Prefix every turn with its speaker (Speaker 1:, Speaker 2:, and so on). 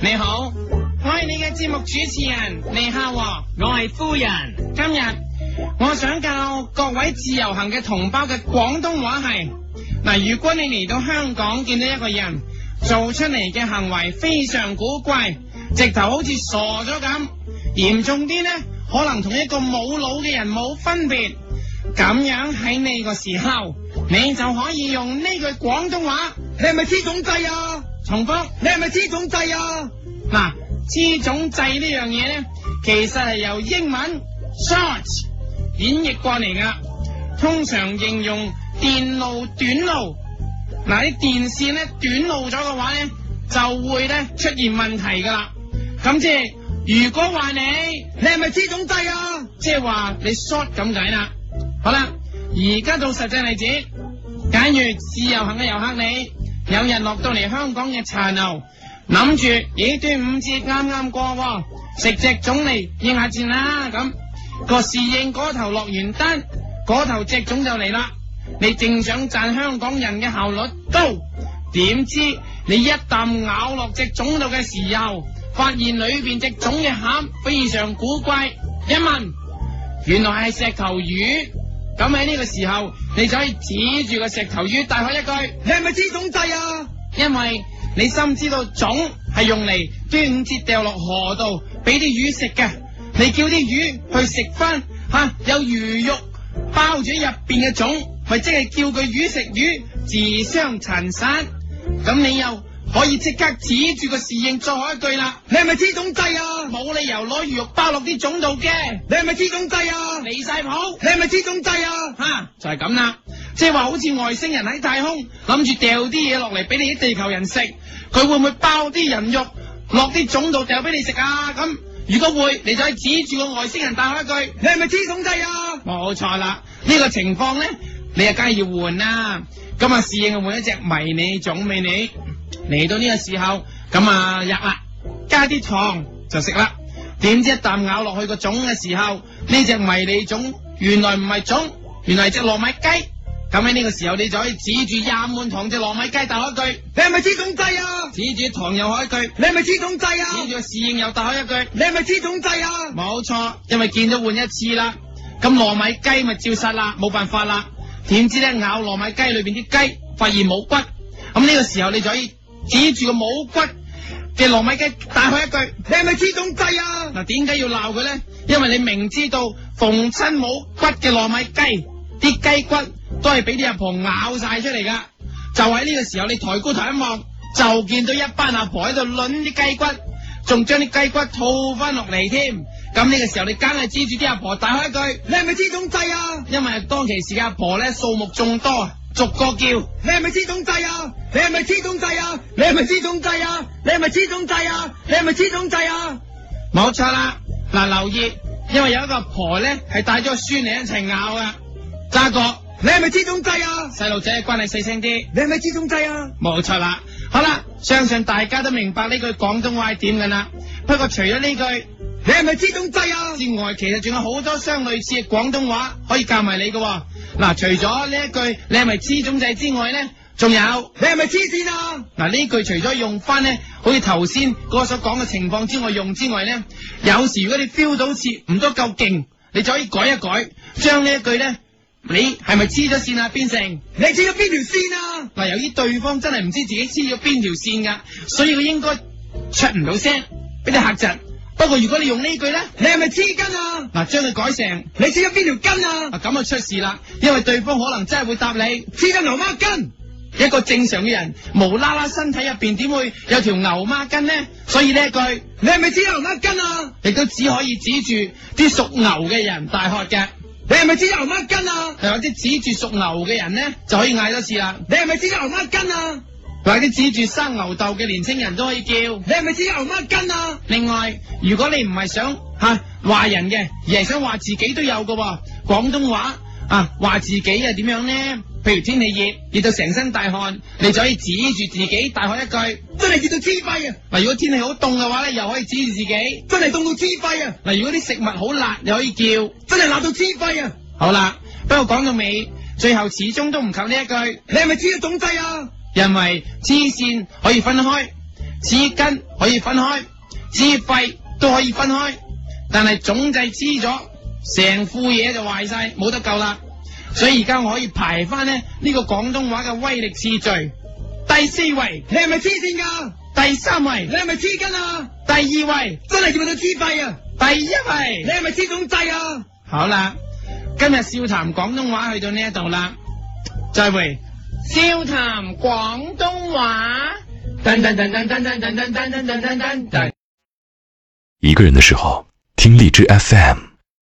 Speaker 1: 你好，我係你嘅節目主持人孝和、哦。我係夫人。今日我想教各位自由行嘅同胞嘅廣東話係嗱，如果你嚟到香港見到一個人做出嚟嘅行為非常古怪，直頭好似傻咗咁，嚴重啲呢，可能同一個冇腦嘅人冇分別，咁樣喺你個時候。你就可以用呢句廣東話，你係咪黐總掣啊？重複，你係咪黐總掣啊？嗱，黐總掣呢樣嘢咧，其實係由英文 short 演繹過嚟噶，通常應用電路短路。嗱，啲電線咧短路咗嘅話咧，就會咧出現問題噶啦。咁即係，如果話你，你係咪黐總掣啊？即係話你 short 咁解啦。好啦。而家到實際例子，假如自由行嘅遊客你，有人落到嚟香港嘅茶樓，諗住，咦，端午節啱啱過，食隻粽嚟應下戰啦，咁個侍應嗰頭落完單，嗰頭隻粽就嚟啦，你正想讚香港人嘅效率高，點知你一啖咬落隻粽度嘅時候，發現裏邊隻粽嘅餡非常古怪，一問，原來係石頭魚？咁喺呢個時候，你就可以指住個石頭魚，大喝一句：你係咪痴粽掣啊？因為你心知道粽係用嚟端午節掉落河度俾啲魚食嘅。你叫啲魚去食翻吓，有魚肉包住入邊嘅粽，咪即係叫佢魚食魚自相殘殺。咁你又？可以即刻指住個侍應再話一句啦！你係咪痴總掣啊？冇理由攞魚肉包落啲粽度嘅！嗯、你係咪痴總掣啊？離晒譜！你係咪痴總掣啊？吓，就係咁啦！即係話好似外星人喺太空諗住掉啲嘢落嚟俾你啲地球人食，佢會唔會包啲人肉落啲粽度掉俾你食啊？咁如果會，你就係指住個外星人大話一句，嗯、你係咪痴總掣啊？冇錯啦！呢、呢個情況咧，你梗係要換啦？咁啊，侍應換一隻迷你粽俾你。嚟到呢個時候，咁、嗯、啊，入啦，加啲糖就食啦。點知一啖咬落去個粽嘅時候，呢隻迷你粽原來唔係粽，原來係隻糯米雞。咁喺呢個時候，你就可以指住廿罐糖隻糯米雞，大開一句，你係咪黐總掣啊？指住糖又開一句，你係咪黐總掣啊？指住侍應又大開一句，你係咪黐總掣啊？冇錯，因為見咗換一次啦。咁、嗯、糯米雞咪照殺啦，冇辦法啦。點知咧，咬糯米雞裏邊啲雞，發現冇骨。咁呢個時候，你就可以。指住個冇骨嘅糯米雞，大開一句：你係咪黐種雞啊？嗱，點解要鬧佢咧？因為你明知道逢親冇骨嘅糯米雞，啲雞骨都係俾啲阿婆咬晒出嚟噶。就喺呢個時候，你抬高頭一望，就見到一班阿婆喺度撚啲雞骨，仲將啲雞骨吐翻落嚟添。咁呢個時候你你婆婆，你梗係指住啲阿婆大開一句：你係咪黐種雞啊？因為當其時阿婆咧數目眾多。逐個叫，你係咪痴總掣啊？你係咪痴總掣啊？你係咪痴總掣啊？你係咪痴總掣啊？你係咪痴總掣啊？冇錯啦，嗱，留意，因為有一個婆咧係帶咗個孫嚟一齊咬啊。揸哥，你係咪痴總掣啊？細路仔，關係細聲啲，你係咪痴總掣啊？冇錯啦，好啦，相信大家都明白呢句廣東話係點噶啦，不過除咗呢句。你係咪黐總掣啊？之外，其實仲有好多相類似嘅廣東話可以教埋你嘅。嗱，除咗呢一句你係咪黐總掣之外咧，仲有你係咪黐線啊？嗱，呢句除咗用翻咧，好似頭先嗰個所講嘅情況之外用之外咧，有時如果你 feel 到似唔多夠勁，你就可以改一改，將呢一句咧，你係咪黐咗線啊？變成你黐咗邊條線啊？嗱，由於對方真係唔知自己黐咗邊條線噶，所以佢應該出唔到聲，俾啲客窒。不過如果你用呢句咧，你係咪黐筋啊？嗱，將佢改成你黐咗邊條筋啊？咁啊出事啦，因為對方可能真係會答你黐咗牛孖筋。」一個正常嘅人，無啦啦身體入邊點會有條牛孖筋咧？所以呢一句，你係咪黐牛孖筋啊？亦都只可以指住啲屬牛嘅人大喝嘅， 你係咪黐牛孖筋啊？係有啲指住屬牛嘅人咧，就可以嗌多次啦。 你係咪黐牛孖筋啊？或者指住生牛痘嘅年輕人都可以叫，你係咪指牛乜筋啊？另外，如果你唔係想吓話、啊、人嘅，而係想話自己都有嘅，廣東話啊話自己啊點樣呢？譬如天氣熱，熱到成身大汗，你就可以指住自己大喊一句：真係熱到痴肺啊！嗱，如果天氣好凍嘅話咧，又可以指住自己：真係凍到痴肺啊！嗱，如果啲食物好辣，你可以叫：真係辣到痴肺啊！好啦，不過講到尾，最後始終都唔及呢一句：你係咪痴總掣啊？因為黐線可以分開，黐筋可以分開，黐肺都可以分開，但係總制黐咗，成副嘢就壞晒，冇得救啦。所以而家我可以排翻咧呢、這個廣東話嘅威力次序。第四位，你係咪黐線噶？第三位，你係咪黐筋啊？第二位，真係叫唔到黐肺啊？第一位，你係咪黐總制啊？好啦，今日笑談廣東話去到呢一度啦，再會。笑談廣東話，一個人的時候，聽荔枝 FM。